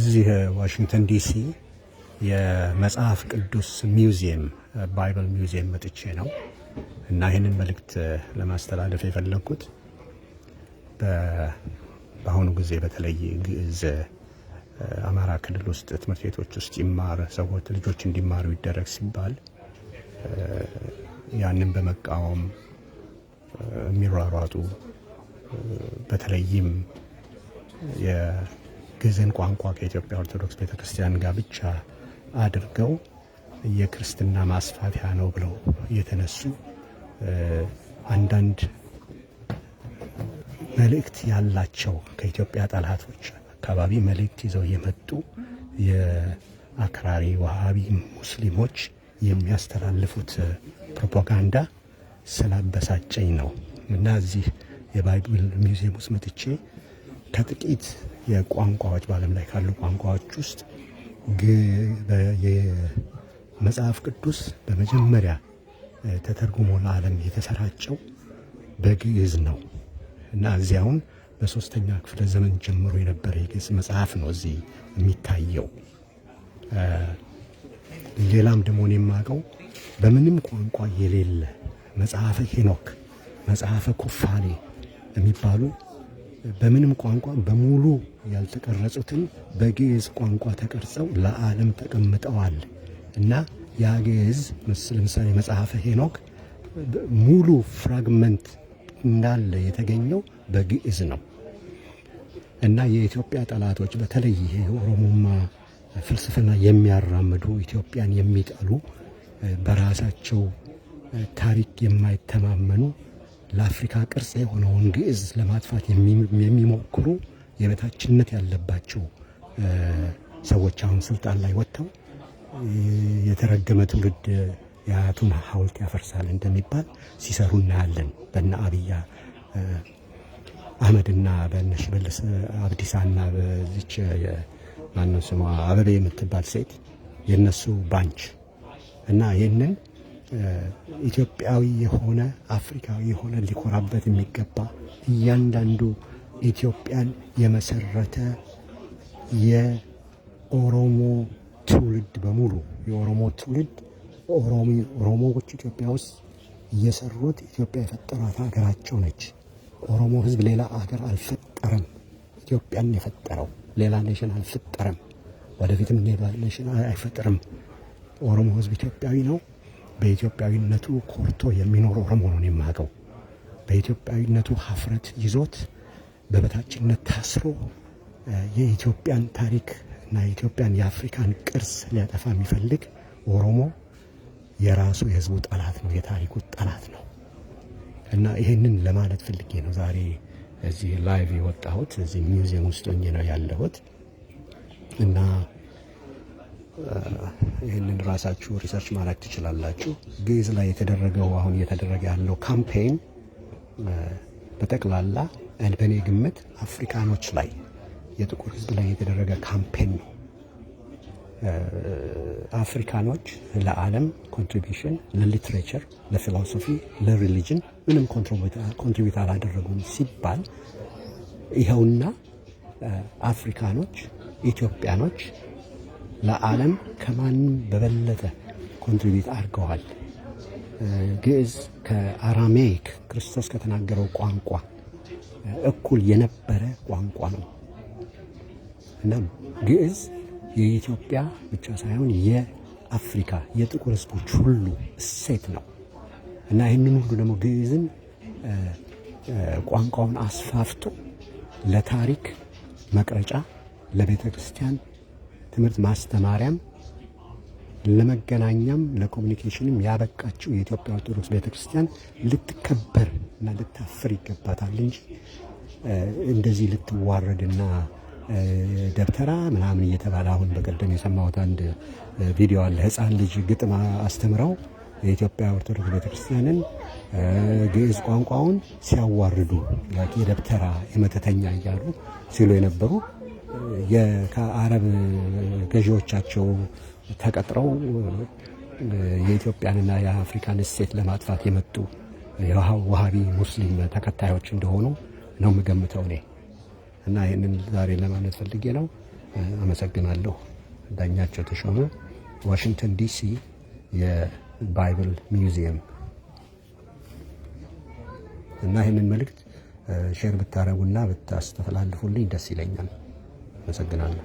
እዚህ ዋሽንግተን ዲሲ የመጽሐፍ ቅዱስ ሚውዚየም ባይብል ሚውዚየም መጥቼ ነው እና ይህንን መልእክት ለማስተላለፍ የፈለግኩት በአሁኑ ጊዜ በተለይ ግዕዝ አማራ ክልል ውስጥ ትምህርት ቤቶች ውስጥ ይማር ሰዎች ልጆች እንዲማሩ ይደረግ ሲባል ያንን በመቃወም የሚሯሯጡ በተለይም ግዕዝን ቋንቋ ከኢትዮጵያ ኦርቶዶክስ ቤተክርስቲያን ጋር ብቻ አድርገው የክርስትና ማስፋፊያ ነው ብለው የተነሱ አንዳንድ መልእክት ያላቸው ከኢትዮጵያ ጠላቶች አካባቢ መልእክት ይዘው የመጡ የአክራሪ ዋሃቢ ሙስሊሞች የሚያስተላልፉት ፕሮፓጋንዳ ስላበሳጨኝ ነው እና እዚህ የባይብል ሚውዚየም ውስጥ መጥቼ ከጥቂት የቋንቋዎች በዓለም ላይ ካሉ ቋንቋዎች ውስጥ የመጽሐፍ ቅዱስ በመጀመሪያ ተተርጉሞ ለዓለም የተሰራጨው በግዕዝ ነው እና እዚያውን በሶስተኛ ክፍለ ዘመን ጀምሮ የነበረ የግዕዝ መጽሐፍ ነው እዚህ የሚታየው። ሌላም ደግሞ እኔ የማውቀው በምንም ቋንቋ የሌለ መጽሐፈ ሄኖክ፣ መጽሐፈ ኩፋሌ የሚባሉ በምንም ቋንቋ በሙሉ ያልተቀረጹትን በግዕዝ ቋንቋ ተቀርጸው ለዓለም ተቀምጠዋል እና ያ ግዕዝ ለምሳሌ መጽሐፈ ሄኖክ ሙሉ ፍራግመንት እንዳለ የተገኘው በግዕዝ ነው እና የኢትዮጵያ ጠላቶች በተለይ ኦሮሞማ ፍልስፍና የሚያራምዱ ኢትዮጵያን የሚጠሉ በራሳቸው ታሪክ የማይተማመኑ ለአፍሪካ ቅርጽ የሆነውን ግዕዝ ለማጥፋት የሚሞክሩ የበታችነት ያለባቸው ሰዎች አሁን ስልጣን ላይ ወጥተው የተረገመ ትውልድ የአያቱን ሐውልት ያፈርሳል እንደሚባል ሲሰሩ እናያለን። በነ አብይ አህመድና በነ ሽመልስ አብዲሳና በዚች ማነው ስሟ አበቤ የምትባል ሴት የነሱ ባንች እና ይህንን ኢትዮጵያዊ የሆነ አፍሪካዊ የሆነ ሊኮራበት የሚገባ እያንዳንዱ ኢትዮጵያን የመሰረተ የኦሮሞ ትውልድ በሙሉ የኦሮሞ ትውልድ ኦሮሞዎች ኢትዮጵያ ውስጥ እየሰሩት ኢትዮጵያ የፈጠራት ሀገራቸው ነች። ኦሮሞ ህዝብ ሌላ ሀገር አልፈጠረም። ኢትዮጵያን የፈጠረው ሌላ ኔሽን አልፈጠረም። ወደፊትም ሌላ ኔሽን አይፈጥርም። ኦሮሞ ህዝብ ኢትዮጵያዊ ነው። በኢትዮጵያዊነቱ ኮርቶ የሚኖር ኦሮሞ ነው የማውቀው። በኢትዮጵያዊነቱ ሀፍረት ይዞት በበታችነት ታስሮ የኢትዮጵያን ታሪክ እና የኢትዮጵያን የአፍሪካን ቅርስ ሊያጠፋ የሚፈልግ ኦሮሞ የራሱ የህዝቡ ጠላት ነው፣ የታሪኩ ጠላት ነው እና ይህንን ለማለት ፈልጌ ነው ዛሬ እዚህ ላይቭ የወጣሁት። እዚህ ሚውዚየም ውስጥ ሆኜ ነው ያለሁት እና ይህንን ራሳችሁ ሪሰርች ማድረግ ትችላላችሁ። ግዕዝ ላይ የተደረገው አሁን እየተደረገ ያለው ካምፔይን በጠቅላላ በእኔ ግምት አፍሪካኖች ላይ የጥቁር ህዝብ ላይ የተደረገ ካምፔን ነው። አፍሪካኖች ለዓለም ኮንትሪቢሽን ለሊትሬቸር፣ ለፊሎሶፊ፣ ለሪሊጅን ምንም ኮንትሪቢዩት አላደረጉም ሲባል ይኸውና አፍሪካኖች ኢትዮጵያኖች ለዓለም ከማንም በበለጠ ኮንትሪቢዩት አድርገዋል። ግዕዝ ከአራሜይክ ክርስቶስ ከተናገረው ቋንቋ እኩል የነበረ ቋንቋ ነው እና ግዕዝ የኢትዮጵያ ብቻ ሳይሆን የአፍሪካ የጥቁር ሕዝቦች ሁሉ እሴት ነው እና ይህንን ሁሉ ደግሞ ግዕዝን ቋንቋውን አስፋፍቶ ለታሪክ መቅረጫ ለቤተ ክርስቲያን ትምህርት ማስተማሪያም ለመገናኛም ለኮሚኒኬሽንም ያበቃችው የኢትዮጵያ ኦርቶዶክስ ቤተክርስቲያን ልትከበር እና ልታፍር ይገባታል እንጂ እንደዚህ ልትዋረድና ደብተራ ምናምን እየተባለ አሁን በቀደም የሰማሁት አንድ ቪዲዮ አለ። ሕፃን ልጅ ግጥም አስተምረው የኢትዮጵያ ኦርቶዶክስ ቤተክርስቲያንን ግዕዝ ቋንቋውን ሲያዋርዱ የደብተራ የመተተኛ እያሉ ሲሉ የነበሩ ከአረብ ገዢዎቻቸው ተቀጥረው የኢትዮጵያንና የአፍሪካን እሴት ለማጥፋት የመጡ የውሃቢ ሙስሊም ተከታዮች እንደሆኑ ነው የምገምተው እኔ እና ይህንን ዛሬ ለማለት ፈልጌ ነው። አመሰግናለሁ። ዳኛቸው ተሾመ፣ ዋሽንግተን ዲሲ፣ የባይብል ሚውዚየም እና ይህንን መልእክት ሼር ብታደረጉና ብታስተላልፉልኝ ደስ ይለኛል። አመሰግናለሁ